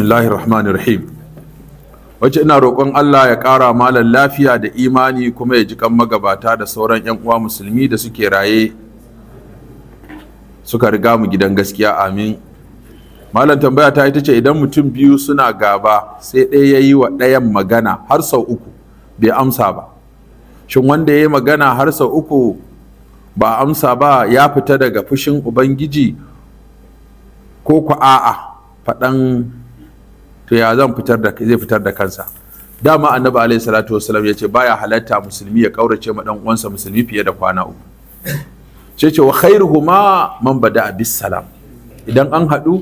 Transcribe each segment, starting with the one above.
bismillahir rahmanir rahim wace ina roƙon Allah ya ƙara malam lafiya da imani kuma ya ji magabata da sauran 'yan uwa musulmi da suke raye suka riga mu gidan gaskiya amin malam tambaya ta ita ce idan mutum biyu suna gaba sai ɗaya ya yi wa ɗayan magana har sau uku bai amsa ba shin wanda ya yi magana har sau uku ba amsa ba ya fita daga fushin ubangiji ko ku a'a faɗan to ya zan fitar da zai fitar da kansa dama annabi alaihi salatu wasallam ya ce baya halatta musulmi ya kaurace ma dan uwansa musulmi fiye da kwana uku sai ce wa khairuhuma man bada bis salam idan an haɗu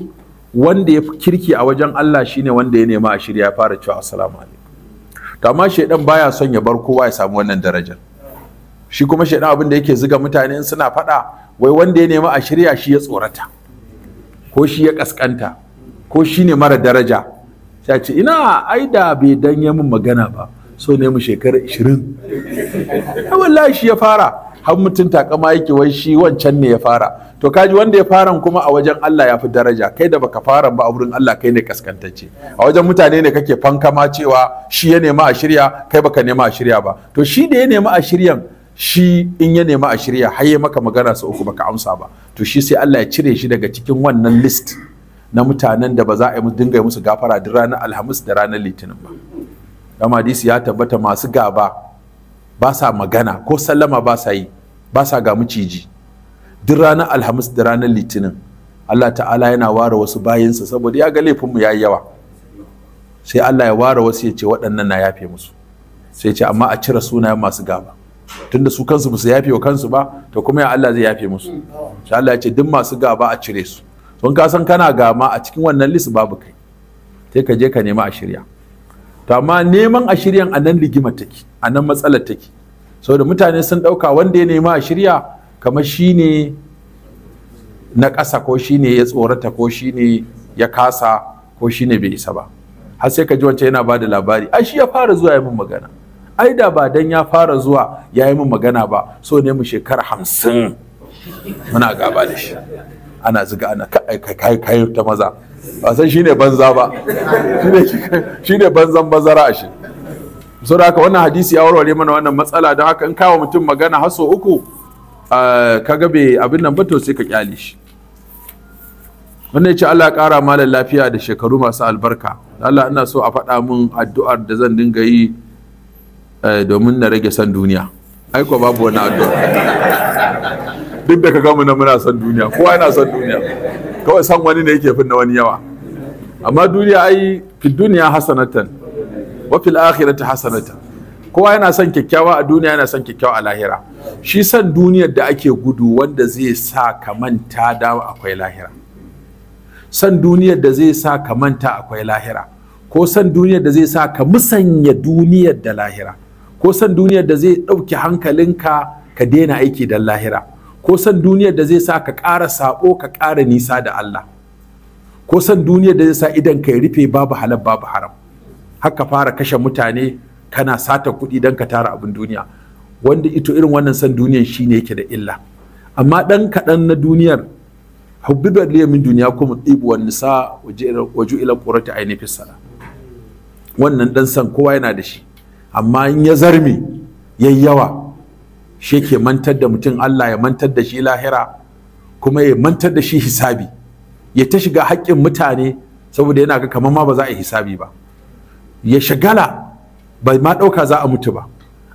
wanda ya fi kirki a wajen Allah shine wanda ya nema a shirya ya fara cewa assalamu alaikum to amma shaidan baya son ya bar kowa ya samu wannan darajar shi kuma shaidan abin da yake zuga mutane in suna faɗa wai wanda ya nema a shirya shi ya tsorata ko shi ya kaskanta ko shi ne mara daraja ya ce ina ai da bai danye min magana ba so ne mu shekara 20 wallahi shi ya fara har mutum takama yake wai shi wancan ne ya fara to kaji wanda ya fara kuma a wajen Allah ya fi daraja kai da baka fara ba a wurin Allah kai ne kaskantacce a wajen mutane ne kake fankama cewa shi ya nema a shirya kai baka nema a shirya ba to shi da ya nema a shiryan shi in ya nema a shirya har ya maka magana sau uku baka amsa ba to shi sai Allah ya cire shi daga cikin wannan list na mutanen da ba za a dinga musu gafara duk ranar alhamis da ranar litinin ba dama hadisi ya tabbata masu gaba ba sa magana ko sallama ba sa yi ba sa ga miciji duk ranar alhamis da ranar litinin Allah ta'ala yana ware wasu bayinsa saboda ya ga laifinmu ya yi yawa sai Allah ya ware wasu ya ce waɗannan na yafe musu sai ce amma a cire sunayen masu gaba tunda su kansu ba su yafe wa kansu ba to kuma ya Allah zai yafe musu sai Allah ya ce duk masu gaba a cire su don ka san kana gama a cikin wannan list babu kai sai ka je ka nema a shirya to amma neman a shiryan a nan rigima take a nan matsalar take saboda mutane sun ɗauka wanda ya nema a shirya kamar shine na ƙasa ko shine ya tsorata ko shine ya kasa ko shine bai isa ba har sai ka ji wancan yana ba da labari ai shi ya fara zuwa ya min magana ai da ba dan ya fara zuwa ya yi min magana ba so ne mu shekara hamsin muna gaba da shi ana ziga ana kai ta maza ba san shine banza ba shine banzan bazara a shi da haka wannan hadisi ya warware mana wannan matsala don haka in kawo mutum magana haso uku ka gabe abin nan ba to sai ka kyale shi wannan ce Allah ƙara malam lafiya da shekaru masu albarka Allah ina so a faɗa min addu'ar da zan dinga yi eh, domin na rage san duniya aiko babu wani addu'a duk da ka gamu na muna son duniya kowa yana son duniya kawai san wani ne yake finna wani yawa amma duniya ai fi duniya hasanatan wa fil akhirati hasanatan kowa yana son kyakkyawa a duniya yana son kyakkyawa a lahira shi san duniyar da ake gudu wanda zai sa ka manta da akwai lahira san duniyar da zai sa ka manta akwai lahira ko san duniyar da zai sa ka musanya duniyar da lahira ko san duniyar da zai ɗauki hankalinka ka daina aiki don lahira ko san duniyar da zai sa ka ƙara sabo ka ƙara nisa da Allah ko san duniyar da zai sa idan ka rufe babu halal babu haram haka fara kashe mutane kana sata kuɗi don ka tara abin duniya wanda ito irin wannan san duniyar shine yake da illa amma ɗan kaɗan na duniyar hubbibar da min duniya kuma ɗibu wani sa waju ila ƙorata a sala wannan ɗan san kowa yana da shi amma in ya zarme yayi yawa shi ke mantar da mutum Allah ya mantar da shi lahira kuma ya mantar da shi hisabi ya ta shiga haƙƙin mutane saboda yana ga kamar ma ba za a yi hisabi ba ya shagala ba ma ɗauka za a mutu ba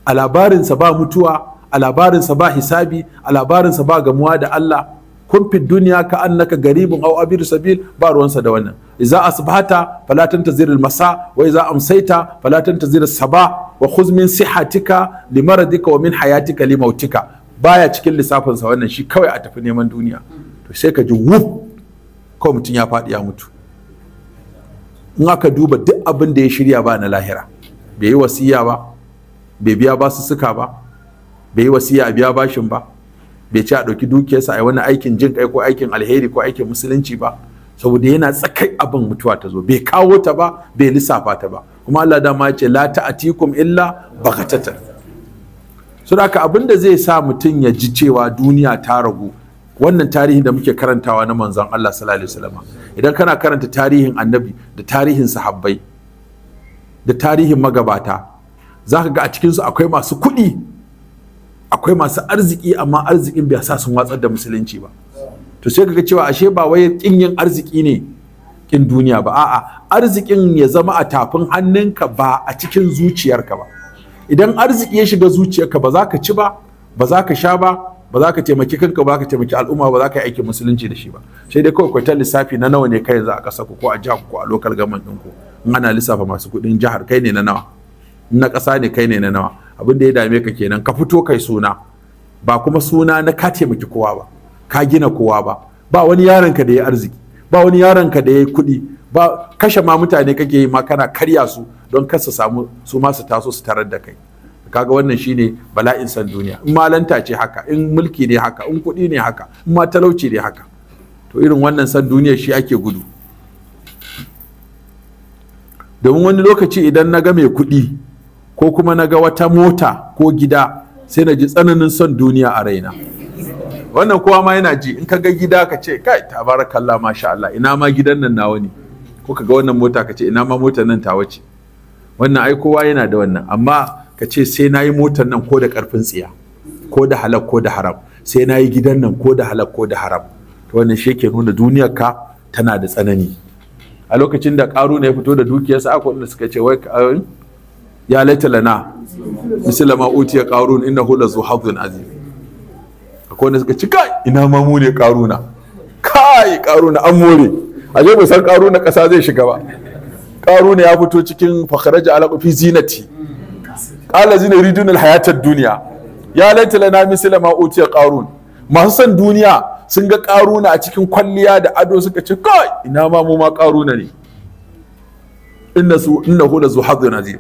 a labarinsa ba mutuwa a labarinsa ba hisabi a labarinsa ba gamuwa da Allah kun fi duniya ka annaka garibin aw abir sabil ba ruwansa da wannan Za a fala tantazir al masa wai za a amsaita tantazir as sabah wa khuz min sihatika li maradika wa min hayatika li mautika baya cikin lissafin sa wannan shi kawai a tafi neman duniya to sai ka ji wuf kawai mutum ya faɗi ya mutu in aka duba duk abin da ya shirya ba na lahira bai yi wasiya ba bai biya su suka ba bai yi wasiya a biya bashin ba bai ci a ɗauki dukiyarsa a yi wani aikin jin kai ko aikin alheri ko aikin musulunci ba saboda yana tsakai abin mutuwa ta zo bai kawo ta ba bai lissafa ta ba kuma Allah dama ya ce la ta'atikum illa bakatatan so da abin da zai sa mutum ya ji cewa duniya ta ragu wannan tarihin da muke karantawa na manzon Allah sallallahu alaihi idan kana karanta tarihin annabi da tarihin sahabbai da tarihin magabata zaka ga a cikin su akwai masu kuɗi akwai masu arziki amma arzikin bai sa sun watsar da musulunci ba to sai kaga cewa ashe ba wai kin yin arziki ne kin duniya ba a'a arzikin ya zama a tafin hannunka ba a cikin zuciyarka ba idan arziki ya shiga zuciyarka ba za ka ci ba ba za ka sha ba ba za ka taimaki kanka ba za ka taimaki al'umma ba za ka yi aikin musulunci da shi ba sai dai kawai kwaitar lissafi na nawa ne kai yanzu a ƙasa ku ko a jihar ko a lokal gaman ɗin ku in ana lissafa masu kuɗin jihar kai ne na nawa in na ƙasa ne kai ne na nawa abin da ya dame ka kenan ka fito kai suna ba kuma suna na ka taimaki kowa ba ka gina kowa ba ba wani yaron ka da ya arziki ba wani yaron ka da ya kuɗi ba kashe ma mutane kake yi ma kana karya su don kasa samu su ma taso su tarar da kai kaga wannan shine bala'in san duniya in malanta ce haka in mulki ne haka in kuɗi ne haka in ma talauci ne haka to irin wannan san duniya shi ake gudu domin wani lokaci idan na ga mai kuɗi ko kuma na ga wata mota ko gida sai na ji tsananin son duniya a raina wannan kowa ma yana ji in ka ga gida ka ce kai tabarakallah masha Allah ina ma gidan nan nawa ne ko ka ga wannan mota ka ce ina ma motar nan tawa ce wannan ai kowa yana da wannan amma ka ce sai nayi motar nan ko da karfin tsiya ko da halak ko da haram sai nayi gidan nan ko da halak ko da haram to wannan shi yake nuna duniyar ka tana da tsanani a lokacin da karu ne ya fito da dukiyarsa akwai wanda suka ce wai ya laita lana mislama utiya qarun innahu la zu azim akwai wanda suka ci kai ina ma mu ne karuna kai karuna an more a je bai san karuna kasa zai shiga ba karuna ya fito cikin fakharaja ala fi zinati qala zina ridun al ad dunya ya laita lana misla ma utiya qarun masu san duniya sun ga karuna a cikin kwalliya da ado suka ci kai ina ma mu ma karuna ne inna su hu la zuhadun nazir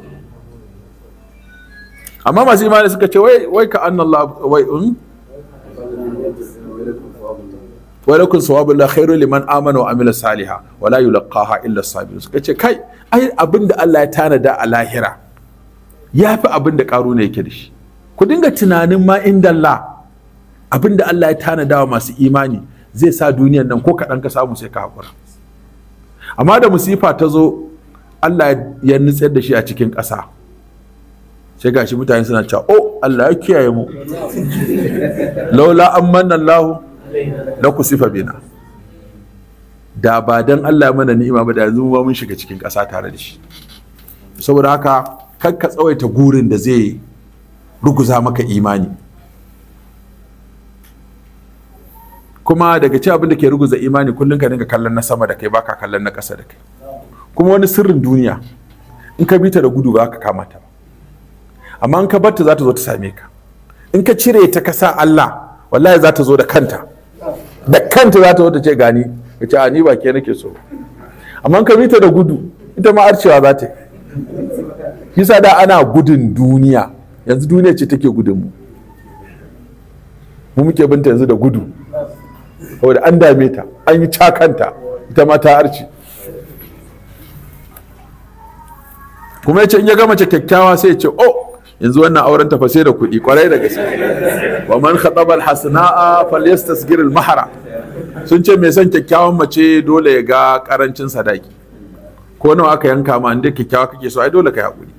amma masu imani suka ce wai wai ka annallahu wai hmm? wa sawabu la khairu liman amana wa amila saliha wala yulqaha illa sabirun suka ce kai ai abinda Allah ya tanada a lahira yafi abinda karuna yake da shi ku dinga tunanin ma inda Allah abinda Allah ya tanada wa masu imani zai sa duniyar nan ko kaɗan ka samu sai ka hakura amma da musifa ta zo Allah ya nutsar da shi a cikin ƙasa sai gashi mutane suna cewa oh Allah ya kiyaye mu laula manna Allahu na ku sifa bina da ba dan Allah mana ni'ima ba da yanzu ba mun shiga cikin ƙasa tare da shi saboda haka kar ka tsawaita gurin da zai ruguza maka imani kuma daga ci abin da ke ruguza imani kullum ka dinga kallon na sama da kai baka kallon na ƙasa da kai kuma wani sirrin duniya in ka bita da gudu ba ka kama ta amma in ka barta za ta zo ta same ka in ka cire ta ka sa Allah wallahi za ta zo da kanta da kanta za ta wata ce gani ka ce a ni ba ke nake so amma ka mita da gudu ita ma arcewa za ta kisa da ana gudun duniya yanzu duniya ce take gudun mu mu muke binta yanzu da gudu saboda an dame ta an yi cakanta ita ma ta arci kuma ya ce in ya gama ce kyakkyawa sai ya ce oh yanzu wannan auren ta fashe da kuɗi kwarai da gaske wa man khatabal hasna'a falyastasgir al sun ce mai son kyakkyawan mace dole ya ga karancin sadaki ko nawa aka yanka ma inda kyakkyawa kake so ai dole ka hakuri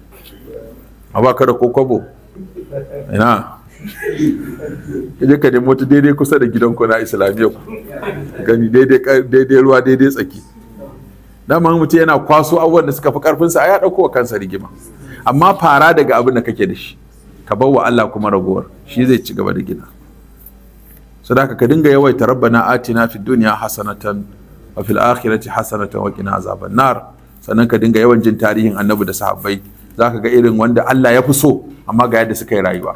a baka da kokobo ina kaje ka nemo ta daidai kusa da gidanku na islamiyya ku gani daidai ruwa daidai tsaki dama mutum yana kwaso abubuwan da suka fi karfinsa a ya ɗauko wa kansa rigima amma fara daga abin da kake da shi ka bar wa Allah kuma ragowar shi zai ci gaba da gina sadaka ka dinga yawaita rabbana atina fid dunya hasanatan wa fil akhirati hasanatan wa qina azaban nar sannan ka dinga yawan jin tarihin annabi da sahabbai zaka ga irin wanda Allah ya fi so amma ga yadda suka yi rayuwa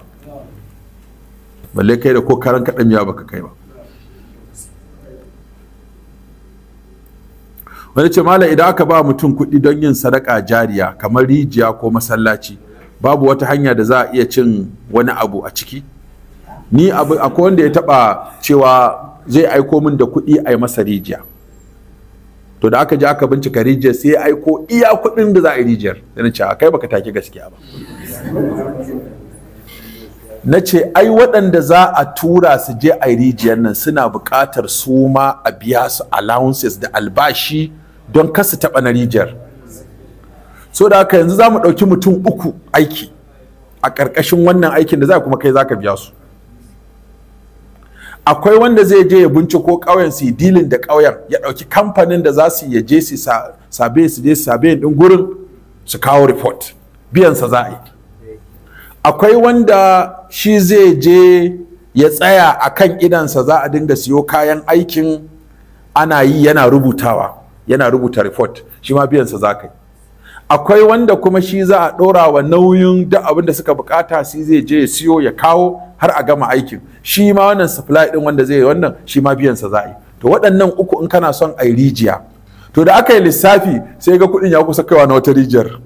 balle kai da ko karan dan yawa baka kai ba wani ce malam idan aka ba mutum kuɗi don yin sadaka jariya kamar rijiya ko masallaci babu wata hanya da za a iya cin wani abu a ciki ni abu akwai wanda ya taba cewa zai aiko min da kuɗi a yi masa rijiya to da aka je aka bincika rijiyar sai ya aiko iya kuɗin da za a yi rijiyar sai na ce kai baka take gaskiya ba na ce ai waɗanda za a tura su je a rijiyar nan suna buƙatar su ma a biya su allowances da albashi don kasu taɓa na rijiyar so da haka yanzu za mu ɗauki mutum uku aiki a ƙarƙashin wannan aikin da za kuma kai za ka biya su akwai wanda zai je ya binciko ƙauyen su dilin da ƙauyen ya ɗauki kamfanin da za su ya je su sabe su je su sabe ɗin gurin su kawo report biyansa za a yi akwai wanda shi zai je ya tsaya a kan idansa za a dinga siyo kayan aikin ana yi yana rubutawa yana rubuta report shi ma biyansa za ka yi akwai wanda kuma shi za a ɗora wa nauyin duk abin da suka bukata shi zai je ya siyo ya kawo har a gama aikin shi ma wannan supply din wanda zai yi wannan shi ma biyansa za a yi to waɗannan uku in kana son a yi rijiya to da aka yi lissafi sai ga kuɗin ya kusa kaiwa na wata rijiyar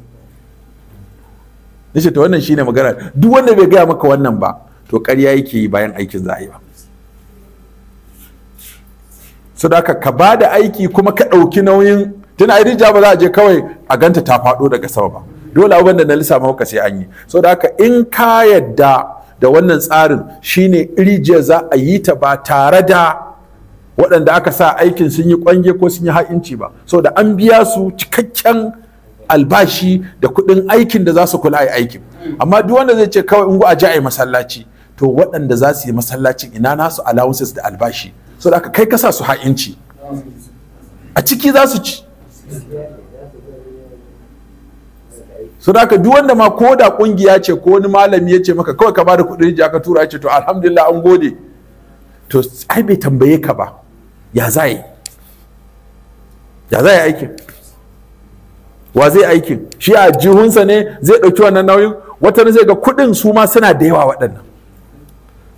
nace to wannan shine magana duk wanda bai gaya maka wannan ba to ƙarya yake yi bayan aikin za a yi ba sadaka ka ba da aiki kuma ka ɗauki nauyin tana ai rija ba za a je kawai a ganta ta faɗo daga sama ba dole abin da na lissafa maka sai an yi da haka in ka yadda da wannan tsarin shine irijiya za a yi ta ba tare da waɗanda aka sa aikin sun yi kwange ko sun yi ha'inci ba da an biya su cikakken albashi da kuɗin aikin da za su kula a aikin amma duk wanda zai ce kawai ungu a ji a masallaci to waɗanda za su yi masallacin ina nasu allowances da albashi so da aka kai kasa su ha'inci a ciki za su ci so da aka duk wanda ma ko da kungiya ce ko wani malami ya ce maka kawai ka da kuɗin rijiya ka tura ya ce to alhamdulillah an gode to ai bai tambaye ka ba ya za yi ya za yi aikin wa zai aikin shi a jihunsa ne zai ɗauki wannan nauyin wata zai ga kuɗin su ma suna da yawa waɗannan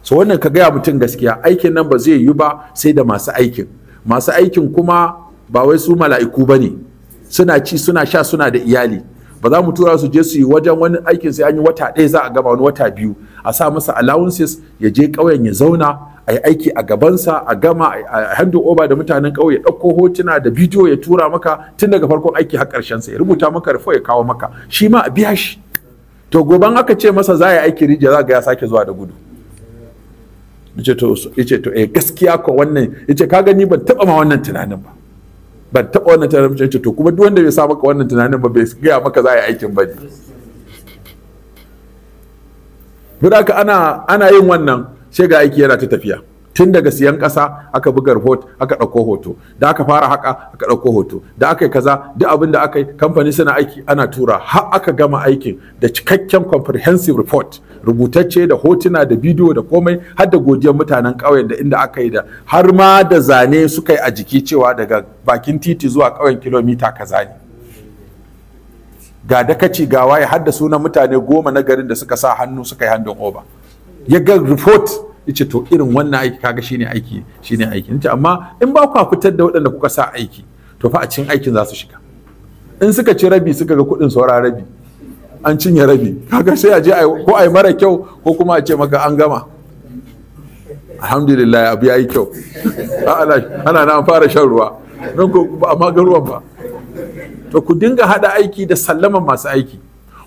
so wannan ka gaya mutum gaskiya aikin nan ba zai yi ba sai da masu aikin masu aikin kuma ba wai su mala'iku ba ne suna ci suna sha suna da iyali ba za mu tura su je su yi wajen wani aikin sai an yi wata ɗaya za a gaba wani wata biyu a sa masa allowances ya je ƙauyen ya zauna a yi aiki a gabansa a gama a hando over da mutanen ƙauye ya ɗauko hotuna da bidiyo ya tura maka tun daga farkon aiki har ƙarshen sa ya rubuta maka rufo ya kawo maka shi ma a biya shi to goban aka ce masa za ya aiki rijiya za ga ya sake zuwa da gudu yace to to eh gaskiya ko wannan yace ka gani ban taba ma wannan tunanin ba ban taba wannan tunanin yace to kuma duk wanda bai sa maka wannan tunanin ba bai gaya maka za ya aikin ba ne Biraka ana ana yin wannan sai ga aiki yana ta tafiya. Tun daga siyan ƙasa aka buga report aka ɗauko hoto da aka fara haka aka ɗauko hoto da aka yi kaza duk abin da aka yi kamfani suna aiki ana tura har aka gama aikin da cikakken comprehensive report rubutacce da hotuna da bidiyo da komai har da godiyar mutanen ƙauyen da inda aka yi da har ma da zane suka yi a jiki cewa daga bakin titi zuwa ƙauyen kilomita kaza ne ga dakaci ga waye hadda sunan mutane goma na garin da suka sa hannu suka yi handin oba ya ga report yace to irin wannan aiki kaga shine aiki shine aiki nace amma in ba ku fitar da waɗanda kuka sa aiki to fa a cikin aikin za su shiga in suka ci rabi suka ga kuɗin saura rabi an cinye rabi kaga sai a je ko ai mara kyau ko kuma a ce maka an gama alhamdulillah abu yayi kyau ana na fara shan ruwa don ko ba ma ga ruwan ba da ku dinga haɗa aiki da sallama masu aiki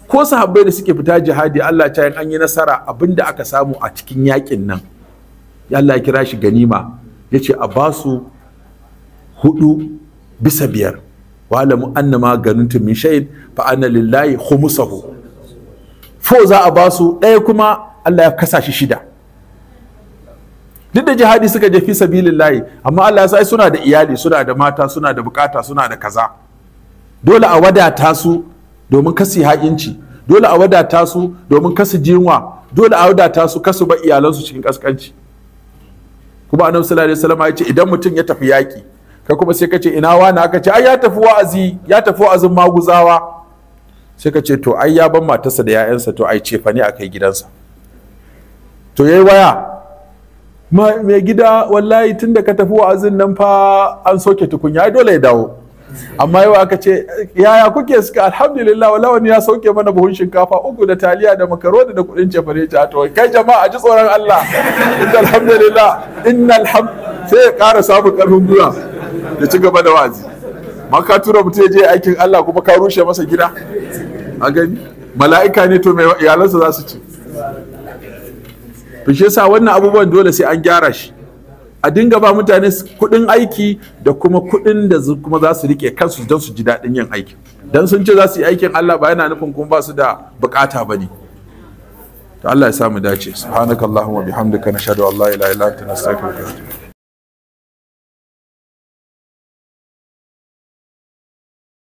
ko sahabbai da suke fita jihadi Allah ta yin an yi nasara abinda aka samu a cikin yakin nan Allah ya kira shi ganima ya ce a basu hudu bisa biyar wa'alamu annama ganuntum min shay'in fa anna lillahi khumsahu fo za a basu ɗaya kuma Allah ya kasa shi shida duk da jihadi suka je fi sabilillahi amma Allah ya sa suna da iyali suna da mata suna da bukata suna da kaza dole a wadata su domin kasi ha'inci dole a wadata su domin kasu jinwa dole a wadata su kasu ba iyalansu cikin kaskanci kuma annabi sallallahu alaihi wasallam ya idan mutum ya tafi yaki ka kuma sai ka ina wani aka ce ai ya tafi wa'azi ya tafi wa'azin maguzawa sai ka to ai ya ban matarsa da 'ya'yansa to ai cefa ne a kai gidansa to yayi waya mai gida wallahi tun da ka tafi wa'azin nan fa an soke tukunya ai dole ya dawo amma yau aka ce yaya kuke suka alhamdulillah wala wani ya sauke mana buhun shinkafa uku da taliya da makaroni da kudin cefane ta to kai jama'a ji tsoron Allah inna alhamdulillah inna alhamd sai ya kara samun ƙarfin gura da ci gaba da wazi Maka tura mutum ya je aikin Allah kuma ka rushe masa gida a gani mala'ika ne to mai iyalansa za su ci to sa wannan abubuwan dole sai an gyara shi a dinga ba mutane kuɗin aiki da kuma kuɗin da kuma za su rike kansu don su ji daɗin yin aiki. dan sun ce za su yi aikin Allah ba yana nufin kuma ba su da bukata ba ne to Allah ya samu dace subhanakallahumma bihamdika nashhadu an la ilaha illa anta nastaghfiruka wa